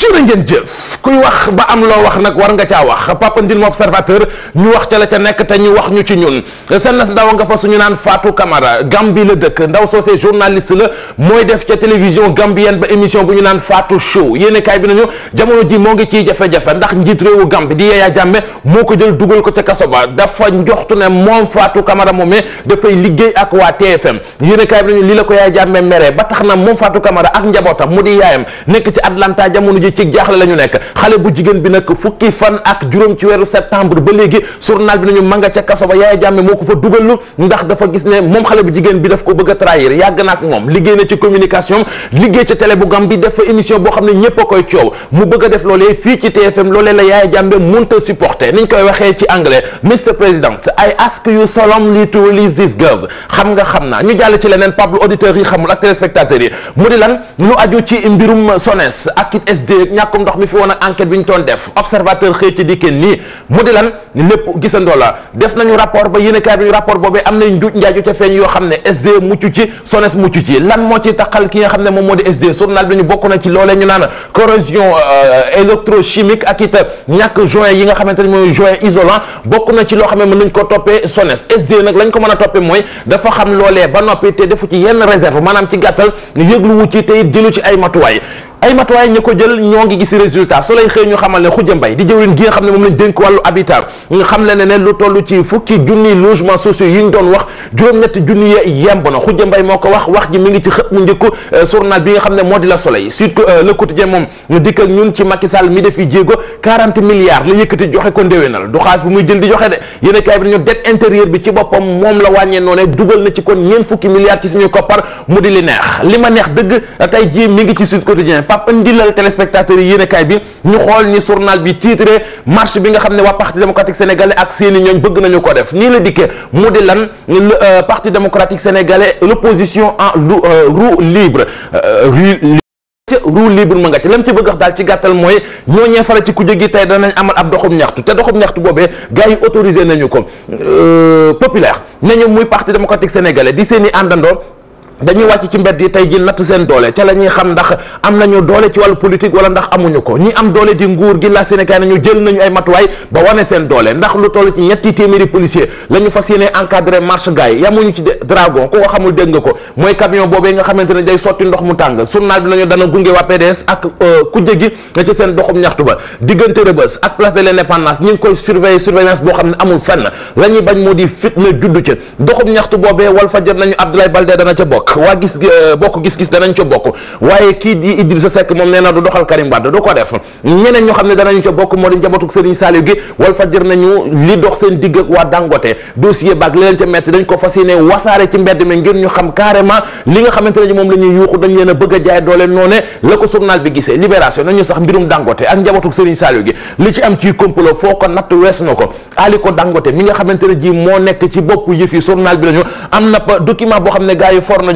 jërë ngeen jëf kuy wax ba am loo wax nag war nga caa wax Papa Ndil ma observateur ñu wax ca la ca nekk te ñu wax ñu ci ñun seen nas ndaw nga fa suñu naan Fatou Camara Gambie la dëkk ndaw soosee journaliste la mooy def ca télévision gambienne ba émission bu ñu naan faatu Show yéeni kaay bi nañu jamono ji moo ngi ciy jafe-jafe ndax njiit réewu Gambie di Yaya Jammeh moo ko jël dugal ko ca kaso ba dafa njoxtu ne moom Fatou Camara moomee dafay liggéey ak waa TFM yéeni kaay bi nañu lii la ko Yaya Jammeh mere ba tax na moom Fatou kamara ak njabootam mu di yaayam nekk ci Atlanta jamono ji ci jaaxle la nekk xale bu jigéen bi nag fukki fan ak juróom ci weeru septembre ba léegi journal bi nañu ma ca kaso ba Yaya Jammeh moom xale bu jigéen bi daf ko bëgg a yàgg na ak moom liggéey na ci communication liggéey ci télé bu Gambie def fa émission boo xam ne ñépp a koy coow mu bëgg def loolee fii ci TFM loolee la Yaya Jammeh mënta supporter niñ koy waxee ci anglais Mr President I ask you solemnly to release these girls xam yi électricité yeeg ñàkkum ndox mi fi woon ak enquête bi ñu doon def observateur xëy ci dikkeen nii mu di lan lépp gisandoo la def nañu rapport ba yéen kaay bi ñu rapport boobee am nañ njuuj njaaju ca feeñ yoo xam ne SDE mucc ci lan moo ci taxal ki nga xam ne moom moo di SDE journal bi ñu bokk na ci loolee ñu naan euh, ak it ñàkk joint yi nga xamante ne mooy joint isolant bokk na ci loo xam ne mën nañ ko toppee SONES SDE nag lañ ko mën a toppee mooy dafa xam loolee ba noppi te defu ci yenn réserve maanaam ci gàttal yëgluwu ci te it jëlu ci ay matuwaay ay matuwaay ñu ko jël ñoo ngi gis résultat su lay xëy ñu xamal ne Khoudia Mbaye di jëwriñ gi nga xam ne moom lañ dénk wàllu habitat nga xam le ne ne lu toll ci fukki junni logement sociaux yi ñu doon wax juróom-ñetti junni yemb na Khoudia Mbaye moo ko wax wax ji mi ngi ci xët mu njëkku euh, journal bi nga xam ne moo di la Soleil Sud euh, Le Quotidien moom ñu dikkal ñun ci Macky Sall mi def fi jéego 40 milliards la yëkkati joxe ko ndéwénal du xaalis bu muy jël di joxe de yéen a kaay bi dañu ci boppam moom la wàññee noonu dugal na ci kon ñeent fukki milliards ci suñu koppar mu di li neex li ma neex dëgg tey jii mi ngi ci Sud Quotidien Pape indilal téléspectateurs yi yéenekaay bi ñu xool ni journal bi titré marche bi nga xam ne waa parti démocratique sénégalais ak seeni ñooñ bëgg nañu ko def nii la dikkee mu di lan le euh, parti démocratique sénégalais l'opposition en euh, roue libre euh, roue libre ma nga ci lam ci bëgg wax daal ci gàttal mooy ñooñee fara ci kujje gi tey danañ amal ab doxum ñaxtu te doxum ñaxtu boobee gars yi autorisé nañu ko populaire nañu muy parti démocratique sénégalais di seeni àndandoo dañuy wàcc ci mbedd yi tey ji natt seen doole ca la ñuy xam ndax am nañu doole ci wàll politique wala ndax amuñu ko ñi am doole di nguur gi la Sénégal nañu jël nañu ay matuwaay ba wane seen doole ndax lu toll ci ñetti téeméeri policier la ñu fas yéene encadré marche gars yi yamuñu ci dragon ku ko xamul dégg nga ko mooy camion boobee nga xamante ne day sotti ndox mu tàng journal bi nañu dana gunge waa PDS ak euh, kujje gi nga ci seen doxum ñaxtu ba diggante Rebeuss ak place de l'indépendance ngi koy surveiller surveillance boo xam ne amul fenn la ñuy bañ moo di fitna juddu ca doxum ñaxtu boobee Walf Fadjri nañu Abdoulaye Baldé dana bokk baax waa gis euh, bokk gis-gis danañ ca bokk waaye kii di Idrissa Seck moom nee na du doxal Karim Wade du ko def ñeneen ñoo xam ne danañ ca bokk moo di njabootu Serigne Saliou gi wal fajër nañu li dox seen digg ak waa Dangote dossier baag leen ca metti dañ ko fas wasaare ci mbedd mi ngir ñu xam carrément li nga xamante ne moom la yuuxu dañ leen a bëgg a jaay doole noone la ko journal bi gisee libération nañu sax mbirum Dangote ak njabootu Serigne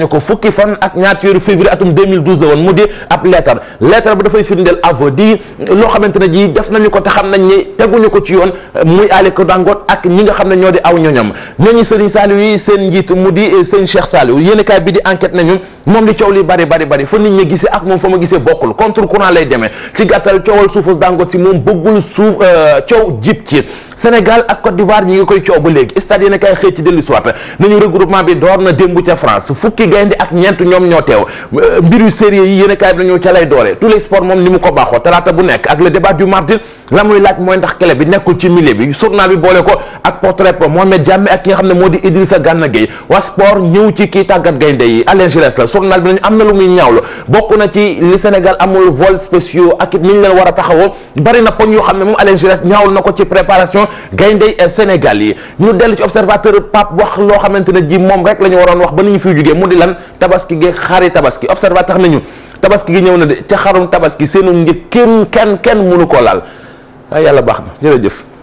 ne ko fukki fan ak ñaar ci weeru février atum la woon mu di ab leetar leetar ba dafay firndeel aveu di loo xamante ne ji def nañu ko te xam nañ ni teguñu ko ci yoon muy Aliko Dangote ak ñi nga xam ne ñoo di aw ñoñam nee ñi Serigne Saliou yi seen njiit mu di seen Cheikh Saliou yéen bi di enquête nañu moom li coow li bari bari bari fa nit ñi gisee ak moom fa ma gisee bokkul contre courant lay demee ci gàttal coowal suufus Dangote si moom bëggul suuf euh, Sénégal ak Côte d'Ivoire ñi ngi koy coow ba léegi stade yéen a kaay xëy ci dellu si waat nañu regroupement bi door na démb ca France fukki gaynde ak ñeent ñoom ñoo teew euh, mbiru série yi yéen bi nañu ca lay doole tous les sports moom ni mu ko baaxoo talaata bu nekk ak le débat du mardi la muy laaj mooy ndax kele bi nekkul ci milieu bi journal bi boole ko ak portrait ba Mohamed Diame ak ki nga xam ne moo di Idrissa Gana Gueye waa sport ñëw ci kii tàggat gaynde yi Alain Giresse la na lu muy ñaawlu na ci li Sénégal amul a taxawoo bari na yoo xam ko préparation compétition gayndey Sénégal yi ñu dellu ci observateur Pape wax loo xamante ne jii moom rek la ñu waroon wax ba ni ñu fiy jugee mu di lan tabaski geeg xari tabaski observateur nañu tabaski gi ñëw na de ca xarum tabaski seenu njëg kenn kenn kenn mënu ko laal waaye yàlla baax na jërëjëf.